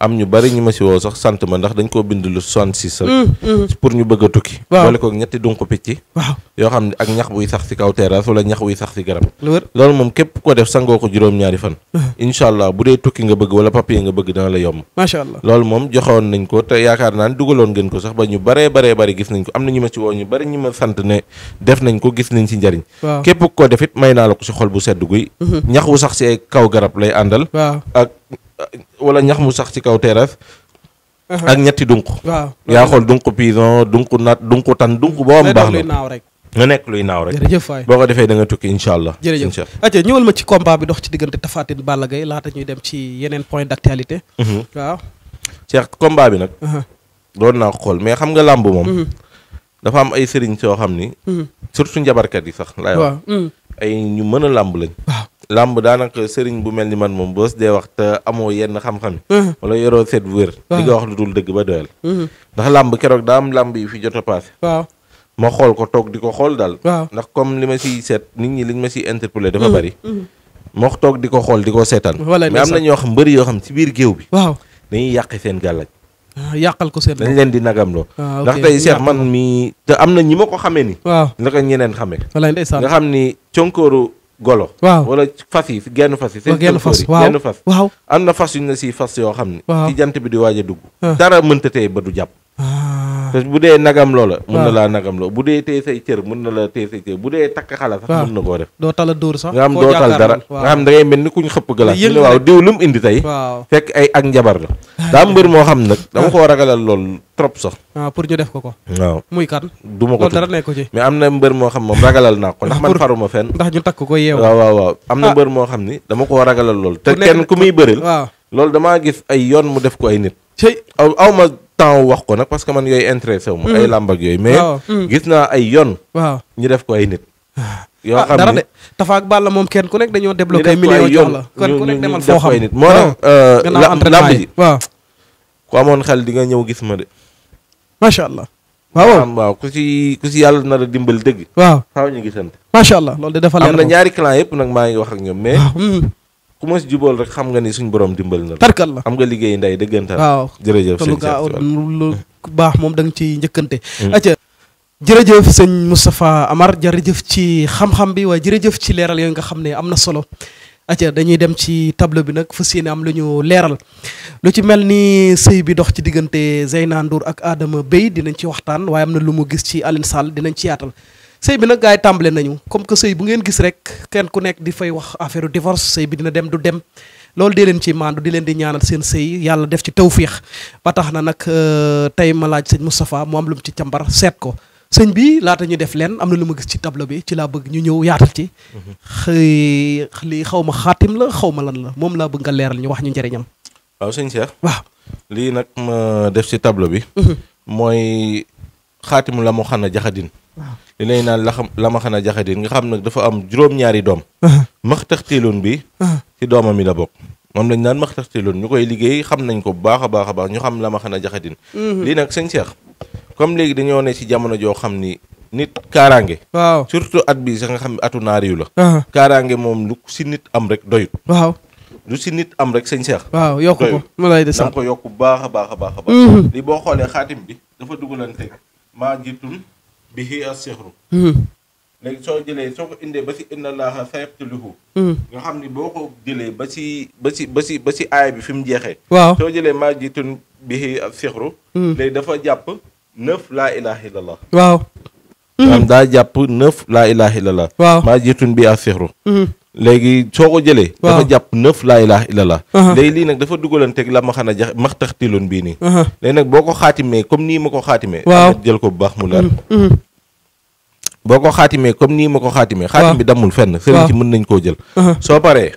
am ñu bari ñu ma si woo sax sant ma ndax dañ koo bind lu 66. Mm, mm. pour ñu bëgg a tukki. waaw boole ñetti dunq picc. waaw yoo xam ne ak ñax wuy sax si kaw terrasse wala ñax buy sax si garab. loolu moom képp ko def sangoo ko juróom-ñaari fan. Ah. incha allah bu dee tukki nga bëgg wala papier nga bëgg dana la yomb. macha loolu moom joxewoon nañ ko te yaakaar naa ne dugaloon ngeen ko sax ba ñu baree baree bari gis nañ ko am na ma woo ñu bari ñu ma sant ne def nañ ko gis nañ si njariñ. waaw képp ko def it may naa la ko si xol bu sedd mm-hmm. ñax wu sax si kaw garab lay àndal ak wala ñax mu sax ci kaw teeraf uh-huh. ak ñetti dunq yaa xool dunq pison dunq nat dunq tan dunq boo am baax na nga nekk luy naaw rek boo ko defee da nga tukki incha allah jërëjëf aja ñëwal ma ci combat bi dox ci diggante Tapha Tine Balla Gaye laata ñuy dem ci yeneen point d'actualité mm-hmm. waaw bi nag uh-huh. doon naa xool mais xam nga làmb moom mm-hmm. dafa am ay sëriñ soo xam ni mm-hmm. surtout njabarkat yi sax laay wax ay ñu mën a làmb lañ làmb daanaka sëriñ bu mel ni man moom boos dee wax te amoo yenn xam-xam yi mhm. wala yoroo seet wér di wax lu dul dëgg ba doyal mhm. ndax làmb keroog daa am làmb yi fi jot a paase waaw ma xool ko toog di ko xool daal ndax comme li ma si seet nit ñi liñ ma siy interpellé dafa mhm. bari moo toog di ko xool di ko seetaan mais am na ñoo xam mbëri yoo xam ci biir géew bi waaw dañuy yàqi seen gàllaaj ah, yàqal ko seen dañ leen di nagam loo ah, ndax tey seet man mi te am na ñi ma ko xamee ni waaw la ko ñeneen xamee nga golo. waaw wala fas yi genn fas yi. seen genn fas waaw am na fas yu ne si fas yoo xam ne. ci jant bi di waaj a dugg. Ah. dara mënta tey ba du jàpp. Ah. parce que bu dee nagam loola mën na laa nagam loola bu dee tee say cër mën na la tee say cër bu dee takk xala sax mën na koo def doo nga xam doo da ah. koo ragalal lool trop sax waaw ah, ñu def ko ko waaw kan du ma ko dara nekk ko ci mais am na mbër moo xam moom ragalal naa ko ndax man faruma fenn ndax ñu takk ko yeew waaw waaw na ah. mbër moo xam ni dama koo ragalal lool te kenn ku muy bëril waaw loolu damaa gis ay yoon mu def ko ay nit aw ma temps wax ko nag parce que man yooyu intéressé wu ma. ay mm-hmm. làmb ak yooyu mais. Mm. gis naa ay yoon. waaw def ko ay nit. Ah. yoo ah, xam ne dara de Tafa moom kenn ku nekk dañoo débloqué. million jox la kenn ku nekk demal foo xam ñu ñu moo ah. euh, ji waaw. ku amoon xel di nga ñëw gis ma de. macha allah. waaw waaw ku si ku yàlla nar a dimbal dëgg. waaw xaw ñu gisante. macha allah loolu de dafa leer am na ñaari nag maa ngi wax ak ñoom mais. ku mos jubóol rek xam nga ni suñ borom dimbali na. tarkal la am nga liggéey nday dëggantaan. waaw jërëjëf sëñ lu baax moom danga nga ciy njëkkante. Mm. acca jërëjëf sëñ Moustapha Amar jërëjëf ci xam-xam bi waaye jërëjëf ci leeral yooyu nga xam ne am na solo. acca dañuy dem ci tableau bi nag fas yéene am lu ñu leeral lu ci mel ni sëy bi dox ci diggante Zeyna Ndour ak aadama Bey dinañ ci waxtaan waaye am na lu mu gis ci Aline Sall dinañ ci yaatal. sëy bi nag gaa yi tàmbale nañu comme que sëy bu ngeen gis rek kenn ku nekk di fay wax affaire divorce sëy bi dina dem du dem loolu di leen ci maandu di leen di ñaanal seen sëy yàlla def ci tawfiix ba tax na nag euh, tey ma laaj sëñ Moustapha mu am lu ci càmbar seet ko sëñ bi laata ñu def leen am na lu ma gis ci tableau bi ci laa bëgg ñu ñëw yaatal ci. xëy lii xaw ma xaatim la xaw ma lan la moom laa bëgg nga leeral ñu wax ñu njëriñam. waaw sëñ Cheikh. waaw lii nag ma def ci tableau bi. Mhm. mooy xaatim la moo xam li lay naan la xam la ma xanaa nga xam nag dafa am juróom-ñaari doom. max taxtiloon bi. ci doomam yi la bokk. moom lañ naan max taxtiloon ñu koy liggéey xam nañ ko bu baax baaxa baax ñu xam la ma xanaa jaxatin. Mhm. lii nag sëñ comme léegi dañoo ne ci jamono joo xam ni. nit kaaraange. waaw surtout at bi sax xam ne atu naar yu la. Uh-huh. kaaraange moom lu si nit am rek doyut. lu si nit am rek sëñ Cheikh. waaw yokk ko yokk baax baax a baax a baax. Mhm. li boo xoolee xaatim bi dafa dugalante maa jiitum bihi as-sihru hmm. léegi soo jëlee soo ko indee ba si inna allaha sayabtuluhu hmm. nga xam ni boo ko jëlee ba si ba si ba si aay bi fi mu jeexee waaw soo jëlee maa jiitun bihi as-sihru hmm. léegi dafa jàpp neuf laa ilaha illallah waaw maanaam daa jàpp neuf la ilaha illallah maa jiitun bihi as-sihru léegi soo ko jëlee. dafa jàpp neuf laa ilaaha la uh-huh. léegi lii nag dafa dugalanteeg la ma xanaa jax maxtax tilun bii nii. Uh-huh. léegi nag boo ko xaatimee comme nii ma ko xaatimee. waaw jël ko bu baax mu leer. Mm-hmm. Mm-hmm. boo ko xaatimee comme nii ma ko xaatimee. waaw xaatim bi damul fenn. waaw sëriñ si mën nañ koo jël. Uh-huh. soo paree.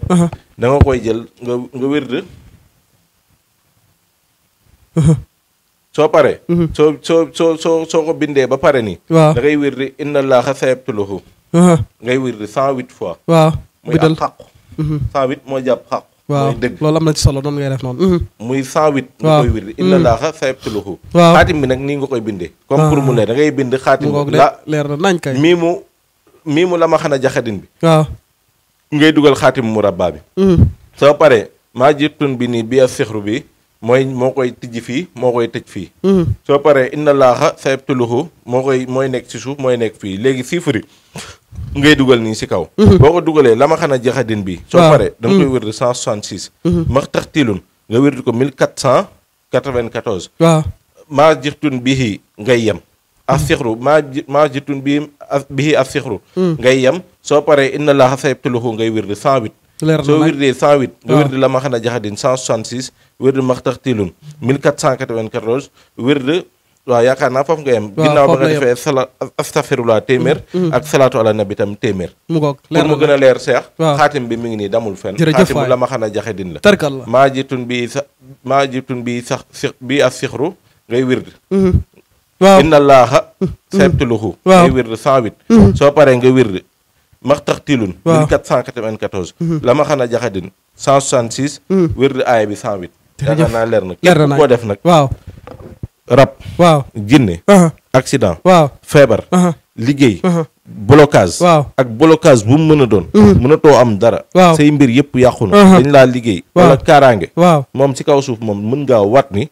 da koy jël nga nga wérd. soo paree. Mm-hmm. soo soo soo soo soo ko bindee ba pare nii. waaw in a wérd inna allaha sayabtuluhu. ngay wérd cent huit fois. waaw. muy ak xàqu cent huit mooy jàpp xàqu waaw loolu am na ci solo noonu ngay def noonu mhm. muy cent huit nga koy wirdi mhm. inna laaxa sayabtuluhu waaw xaatim bi nag nii koy ah. bind xaatim bi la leer na nañ kay mii mii mu la ma xan bi ngay dugal xaatim mu rabba bi mhm. soo paree bi nii bi a moo koy tijji fii moo koy tëj fii soo paree inna laaxa sayabtuluhu moo koy mooy nekk si suuf mooy nekk fii léegi siifari ngay dugal nii si kaw mhm. boo ko dugalee la ma xana jaxadin bi soo pare da mhm. mhm. nga koy wér de cent soixante six max tax tilun nga wér ko mille quatre cent quatre vingt quatorze waaw maa jirtun bihi ngay yem af sixru maa maa jirtun bii bihi af sixru ngay yem soo pare inna laaxa sayabtiluhu ngay wér de cent huit soo wér de cent huit nga wér de la ma xana jaxadin cent soixante six wér de max tax tilun mille quatre cent quatre vingt quatorze wér de waaw yaakaar naa foofu nga yem ginnaaw ba nga defee sala astafirullah téeméer mm-hmm, mm-hmm. ak salaatu ala nabi tam téeméer pour mu gën a leer seex xaatim bi mi ngi nii damul fenn xaatim la ma xana jaxe din la tarkal la maa jitun bi sa maa bi sax si bi a sixru ngay wird mm-hmm. waaw inna allaaha sebtuluhu ngay wird 108 soo paree nga wird maxtax tilun 1494 la ma xana jaxe din 166 wird aaya bi 108 yaakaar naa leer nag képp koo def nag waaw rab. waaw jinne. Uh-huh. accident. waaw feebar. Uh-huh. liggéey. Uh-huh. blocage. waaw ak blocage bu mu mën a doon. mënatoo am dara. waaw say mbir yëpp yàqu na. dañ laa liggéey. wala kaaraange. waaw moom ci kaw suuf moom mën nga wat ni.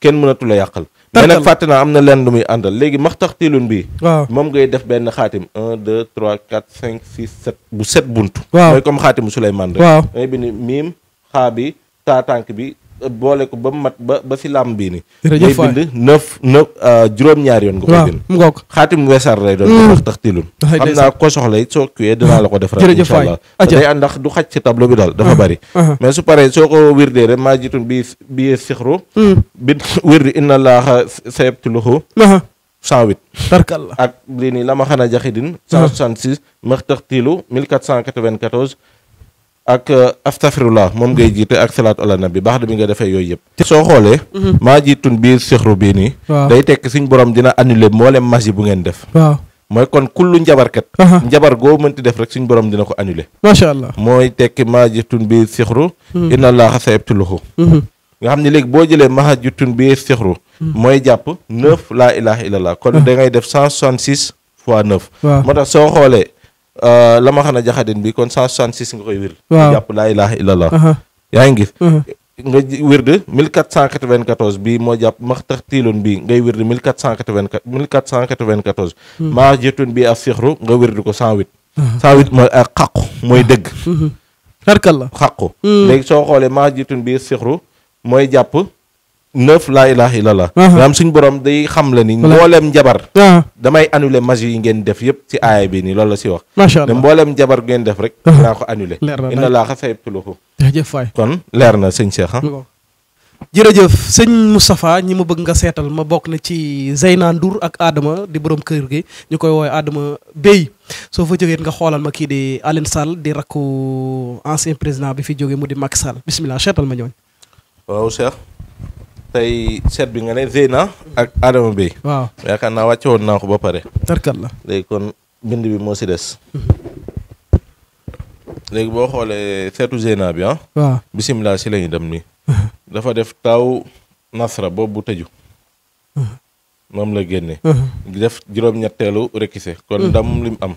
kenn mënatu la yàqal. mais nag fàtte naa am na leen lu muy àndal léegi maxtax tiilun bi moom ngay def benn xaatim un deux trois quatre cinq six sept bu set bunt. waaw mooy comme xaatimu Souleymane rek. waaw ngay bind miim xaa bi taa tànk bi. boole ko ba mu mat ba ba si làmb bii nii. jërëjëf waay ngay euh, juróom-ñaar yoon. nga koy bind mu ngoog xaatim weesar lay doon. Mm. tax tax tilun. xam naa ko soxla it soo kiiwee dinaa la ko def. jërëjëf soo incha allah day ndax du xaj ci tableau bi daal dafa mm. bari. Uh-huh. mais su paree soo ko wirdee rek maa jiitu bii bii sixru. Mm. bi wirdi inna laaha sayabtiluhu. 108 uh-huh. tarkal la ak lii nii la ma xana jaxidin 166 uh-huh. maxtaxtilu 1494 ak euh, astafirullah moom ngay jiite ak salaatu ala bi baax da bi nga defee yooyu yëpp soo xoolee mhm. maa jiitun biir sixru bii nii day tekk suñ borom dina annulé mboolem magi bu ngeen def waaw mooy kon kullu njabarkat njabar goo mënti def rek suñ borom dina ko annulé macha allah mooy tekki maa jiitun biir sixru mhm. inna allaha sayabtiluhu mhm. nga xam ne léegi boo jëlee maha jiitun biir sixru mooy jàpp neuf laa ilaha illallah kon da ngay def cent soixante six fois neuf moo xoolee Euh, la ma xana jaxadin bi kon 166 nga koy wir. waaw jàpp laa ilaha illallah. yaa ngi gis. nga wird 1494 bii moo jàpp maxtax tiiloon bii ngay wird 1494 1494. maa jëtoon bii ak fixru nga wird ko 108. 108 mooy ak xàqu mooy dëgg. xarkal hmm. la xàqu. Hmm. léegi soo xoolee maa jëtoon bii fixru mooy jàpp. neuf laa ilaha illallah uh-huh. maanaam suñ borom day xam la ni mbooleem njabar uh-huh. damay annuler magie yi ngeen def yëpp ci aaya bi nii loolu la si wax macha allah ne mbooleem njabar ngeen def rek uh-huh. dinaa ko annuler inna laaxa sayabtiluhu jërëjëf waay kon leer na sëñ Cheikh ah jërëjëf sëñ Moustapha ñi ma bëgg nga seetal ma bokk na ci Zeyna Ndour ak aadama di boroom kër gi ñu koy woowee Adama béy soo fa jógee nga xoolal ma kii di Aline Sall di rakku ancien président bi fi jógee mu di Macky Sall bismillah seetal ma ñooñ tey seet bi nga ne Zeyna ak Adama Bey. waaw yaakaar naa wàcce woon naa ko ba pare. tarkat la léegi kon bind bi moo si des. Mhm. léegi boo xoolee seetu Zeyna bi ah. waaw bisimilah si la ñu dem nii. Mhm. dafa def taw nasra boobu bu tëju. Mhm. moom la génne. def juróom-ñetteelu rékise kon ndam lim am.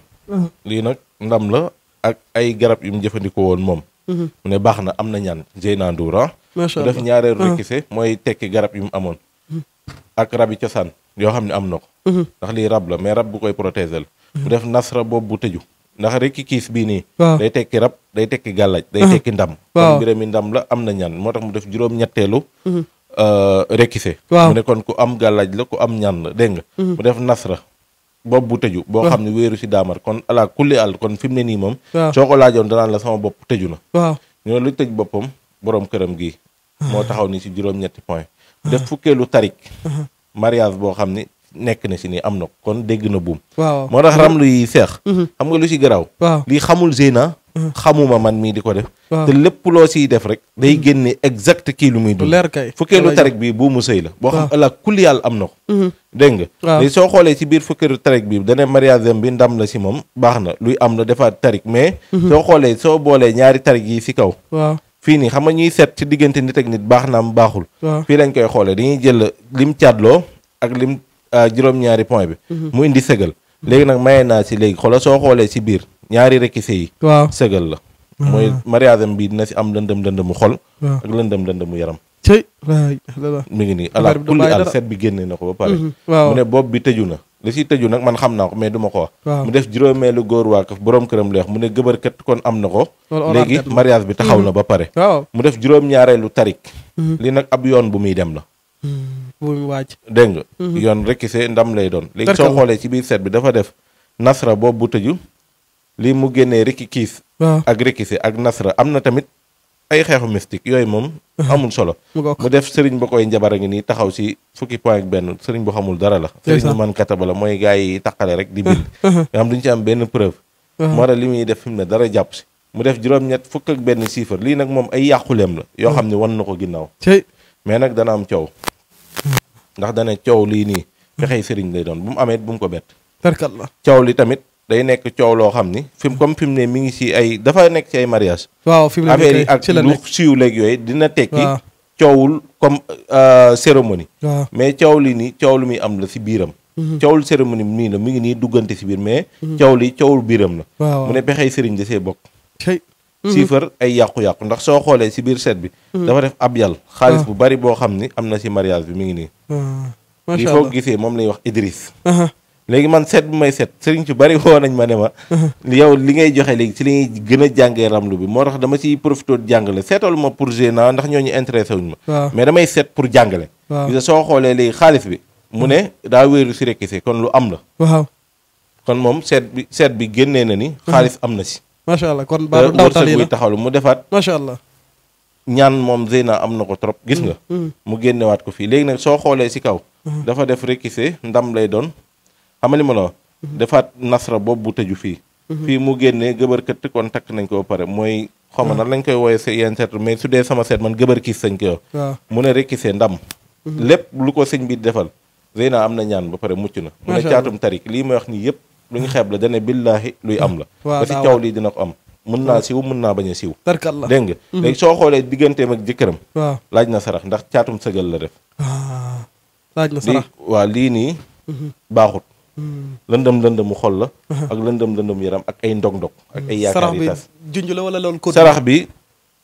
lii nag ndam la ak ay garab yu mu jëfandikoo woon moom. mu ne baax na am na ñaan Zeyna Ndour ah. macha allah def ñaareelu ah. réquisé mooy tekki garab yu mu amoon. ak rab yi cosaan yoo xam ne am na ko. Mhm. ndax lii rab la mais rab bu koy protéger la. bu mhm. def nasra boobu bu tëju. ndax réquisé bii nii. tekki rab day tekki gàllaaj day mhm. tekki ndam. mi ndam la am na ñaan moo mu def juróom-ñetteelu. Euh, réquisé. waaw mu ne kon ku am gàllaaj la ku am ñaan dégg nga. def nasra. bopp bu teju boo xam ne wéeru si daamar kon ala kulli àll kon fi mu ne nii moom soo ko laajoon danaan la sama bopp tëju na ñoo lu tej boppam boroom këram gi moo taxaw ni ci juróom-ñetti point def fukkeelu tarik mariage boo xam ni nekk na ci ni am na kon dégg na buum waaw moo tax ramlu yi seex xam nga lu ci garaaw lii xamul Zeyna xamuma man mii di ko def te lépp loo ciy def rek day génne exact kii lu muy dund leer kay fukkeelu tarik bi bu mu sëy la boo xam ëllëg kul yàlla am na ko dégg nga léegi soo xoolee ci biir fukkeelu tarik bi dane mariage bi ndam la ci moom baax na luy am la defaat tarik mais xoolee soo boolee ñaari tarik yi ci kaw fii nii xam nga ñuy seet ci diggante nit ak nit baax na am baaxul. fii lañ koy xoolee dañuy jël lim caatloo ak lim euh, juróom-ñaari point bi. Mhm. mu indi sëgal. léegi nag maye naa si léegi xoolal soo xoolee si biir ñaari réquisits yi. waaw sëgal la. mooy mariage am bi dina si am lëndëm lëndëmu xol. ak lëndëm lëndëmu yaram. cëy mi ngi nii ala kulli al seet bi génne na ko ba pare. Mhm. mu ne bopp bi tëju na. li siy tëju nag man xam naa ko mais du ko wax mu def juróomeelu góor waakaf boroom këram leex mu ne gëbërkat kon am na ko léegi mariage bi taxaw na mm-hmm. ba pare mu def juróom-ñaareelu tarik mm-hmm. li nag ab yoon bu muy dem la mm-hmm. dégg nga yoon rekki ndam lay doon léegi soo xoolee ci biir seet bi dafa def nasra boobu bu tëju li mu génnee rikki kiis ak rikki ak nasra am na tamit ay xeexu mystique yooyu moom. amul solo. mu def sëriñ ba koy njabar a ngi nii taxaw si fukki point ak benn sëriñ bu xamul dara la. sëriñ bu man kataba mooy gars yi taqale rek di bind. Uh-huh. nga xam duñ ci am benn preuve. Uh-huh. moo tax li muy def fi mu ne dara jàpp si. mu def juróom-ñett fukk ak benn chiffre lii nag moom ay yàquleem la. yoo uh-huh. xam ne wan na ko ginnaaw. mais nag dana am coow. Hmm. ndax dana coow lii nii. Hmm. fexey sëriñ lay doon bu mu amee bum mu ko bett. day nekk coow loo xam ni fi mu comme fi mu ne mi ngi si ay dafa nekk ci ay mariage waaw fi mu ne affaire yi ak lu siiw léegi yooyu dina tekki coowul comme euh, cérémonie mais coow li ni coow lu muy am la si biiram mhm. coowul cérémonie nii la mi ngi nii duggante si biir mais mhm. coow li coowul biiram la mu ne pexey sëriñ da see bokk mhm. siifar ay yàqu-yàqu ndax soo xoolee si biir set bi dafa def ab yàll xaalis ah. bu bari boo xam ni am na si mariage bi mi ngi nii ah. li foo gisee moom lay wax Idriss léegi man seet bu may seet sëriñ ci bari woo nañ ma ne ma. yow li ngay joxe léegi ci li ngay gën a jàngee ramlu bi moo tax dama ciy profité jàngale seetalu ma pour naa ndax ñooñu intéressé wuñ ma. mais damay seet pour jàngale. waaw gis soo xoolee léegi xaalis bi. mu ne daa wéeru si rekise kon lu am la. moom seet bi seet bi génnee na ni. Mhm. xaalis am na si. macha allah kon baalu ndaw tali la mu defaat. macha allah. ñaan moom Zeyna am na ko trop gis nga. Mhm. mu génnewaat ko léegi nag soo xoolee si kaw. Mhm. dafa def rekise ndam lay doon. xamali ma la defaat nasra boobu bu tëju fii fii mu génnee gëbër këtt kon takk nañ ko ba pare mooy xaw ma ah. nan lañ koy wooye si yenn seet mais su dee sama seet man gëbër kiis sañ ko ah. mu ne rekki see ndam mhm. lépp lu ko sëñ bi defal na am na ñaan ba pare mucc na mu ne caatum tarik lii may wax nii yëpp lu ñu xeeb la dane billaahi luy am la ba si caw lii dina ko am mën naa ah. siw mën naa bañ a siw dégg nga mhm. soo xoolee digganteem ak jëkkëram laaj na sarax ndax caatum sëgal la def laaj na sarax waaw lii nii mhm. lëndëm lëndëmu xol la ak lëndëm lëndëmu yaram ak ay ndog ndog ak ay yaakaar yi tas junj la wala loolu sarax bi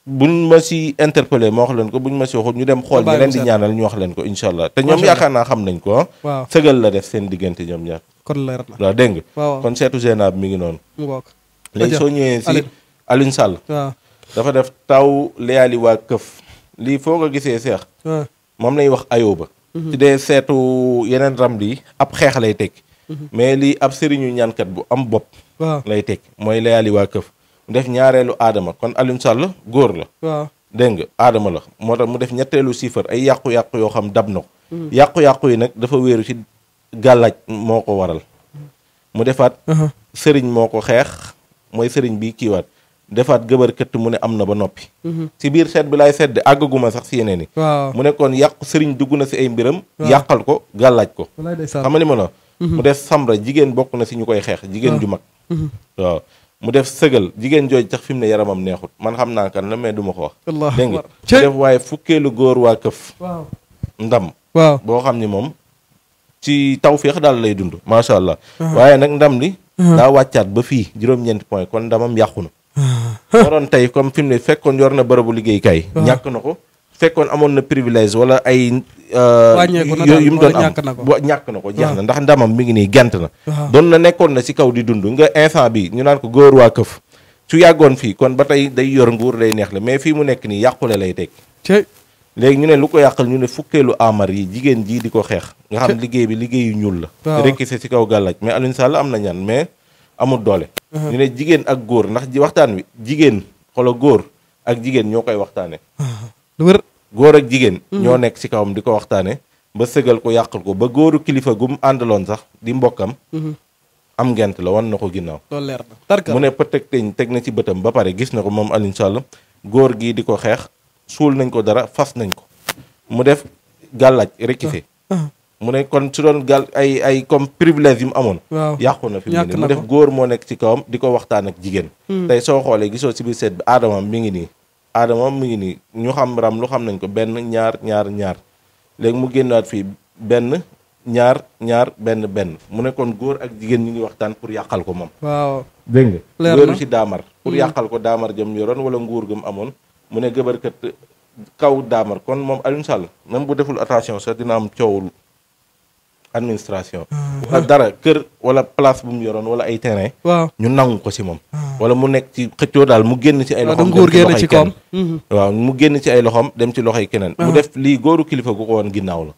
buñ ma si interpellé ma wax leen ko buñ ma si waxut ñu dem xool ñi leen di ñaanal ñu wax leen ko incha allah te ñoom yaakaar naa xam nañ ko ah. waaw def seen diggante ñoom ñaar kon la waaw dégg nga kon seetu Zeynab mi ngi noonu léegi soo ñëwee si Alioune Sall dafa def taw leyaali waa këf lii foo ko gisee seex moom lay wax ayoo ba mhm. ci seetu yeneen ramli ab xeex lay tekki Mm-hmm. mais lii ab sëriñu ñaankat bu am bopp. lay teg mooy layaali waa këf. mu def ñaareelu aadama kon Alioune sàll góor la. waaw dégg nga aadama la moo tax mu def ñetteelu siifar ay yàqu-yàqu yoo xam dab na ko. Mm-hmm. yàqu-yàqu yi nag dafa wéeru ci gàllaaj moo ko waral. Mm-hmm. mu defaat. Uh-huh. sëriñ moo ko xeex mooy sëriñ bi kiiwaat. defaat gëbër mu ne am na ba noppi ci biir seet bi laay sedd àggaguma sax si yeneen yi mu ne kon sëriñ dugg na si ay mbiram yàqal ko gàllaaj ko xam Mm-hmm. mu def samra jigéen bokk na si ñu koy xeex jigéen ju mag mm-hmm. waaw mu def sëgal jigéen jooju tax fi mu ne yaramam neexut man xam naa kan la mais du ma ko wax dégg nga waaye fukkeelu góor waa këf ndam boo xam ni moom ci tawféex daal lay dund macha allah uh-huh. waaye nag ndam li uh-huh. daa wàccaat ba fii juróom-ñeenti point kon ndamam yàqu na uh-huh. waroon tey comme fi mu ne fekkoon yor na bërëbu liggéeykaay ñàkk na ko fekkoon amoon na privilège wala ay. Euh, yu mu doon am ñàkk na ko jeex na ah. ndax ndamam mi ngi nii gent na ah. doon na nekkoon na ci kaw di dund nga instant bi ñu naan ko góor waa këf su yàggoon fii kon ba tey day yor nguur day neex la mais fii mu nekk nii yàqule lay teg léegi ñu ne lu ko yàqal ñu ne fukkeelu amar yi jigéen jii di ko xeex nga xam liggéey bi liggéeyu ñuul la rékkise ci kaw gàllaaj mais Alioune Sall am na ñaan mais amul doole uh-huh. ñu ne jigéen ak góor ndax waxtaan wi jigéen xola góor ak jigéen ñoo koy waxtaane uh-huh. góor ak jigéen. Mm-hmm. ñoo nekk ci kawam di ko waxtaanee. ba sëgal ko yàqal ko ba góoru kilifa gu mu àndaloon sax di mbokkam. Mm-hmm. am ngent la wan na ko ginnaaw. loolu leer na mu ne peut-être teg na ci bëtam ba pare gis na ko moom Alioune Sall góor gii di ko xeex suul nañ ko dara fas nañ ko mu def gàllaaj rectifié. Ah, ah. mu ne kon su doon gàll ay ay comme privilège yu mu amoon. waaw yàqu na fi mu ne def góor moo nekk ci kawam di ko waxtaan ak jigéen. Hmm. tey soo xoolee gisoo si biir seet bi aadamaam mi ngi nii. Adama mu ngi nii ñu xam ram lu xam nañ ko benn ñaar ñaar ñaar léegi mu génn waat fii benn ñaar ñaar benn benn mu ne kon góor ak jigéen ñi ngi waxtaan pour yàqal ko moom. waaw dégg nga. leer ci daamar. pour mm. yàqal ko daamar jëm yoroon wala nguur gëm amoon mu ne gëbërkat kaw daamar kon moom Alioune Sall même bu deful attention sax dina am coowul administration. Ah. wala dara kër wala place bu mu yoroon wala ay terrain. waaw ñu nangu ko si moom. Ah. wala mu nekk ci xëccoo daal mu génn ci ay. loxoom dem ci loxoy keneen mhm. waaw mu génn ci ay loxoom dem ci loxoy keneen. Ah. def lii góoru kilifa gu ko woon ginnaaw la.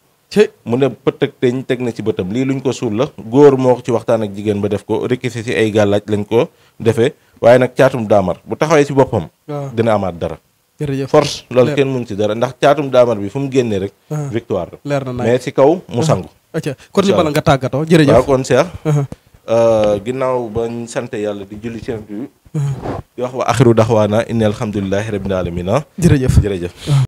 mu ne pët ak teñ teg na ci bëtam lii luñ ko suul la góor moo ci waxtaan ak jigéen ba def ko réquisé si ay gàllaaj lañ ko defee waaye nag caatum daamar bu taxawee ci boppam. dina amaat dara. jërëjëf force loolu kenn mun ci dara ndax caatum daamar bi fu mu génnee rek ah, victoire leer na mais ci kaw mu ah, sangu acca kon ñu bala nga tàggatoo jërëjëf waaw kon Cheikh ah, euh, ginnaaw bañ sant yàlla di julli ci bi di wax wa axiru daxwaana inna alhamdulilahi rabbil alamina jërëjëf jërëjëf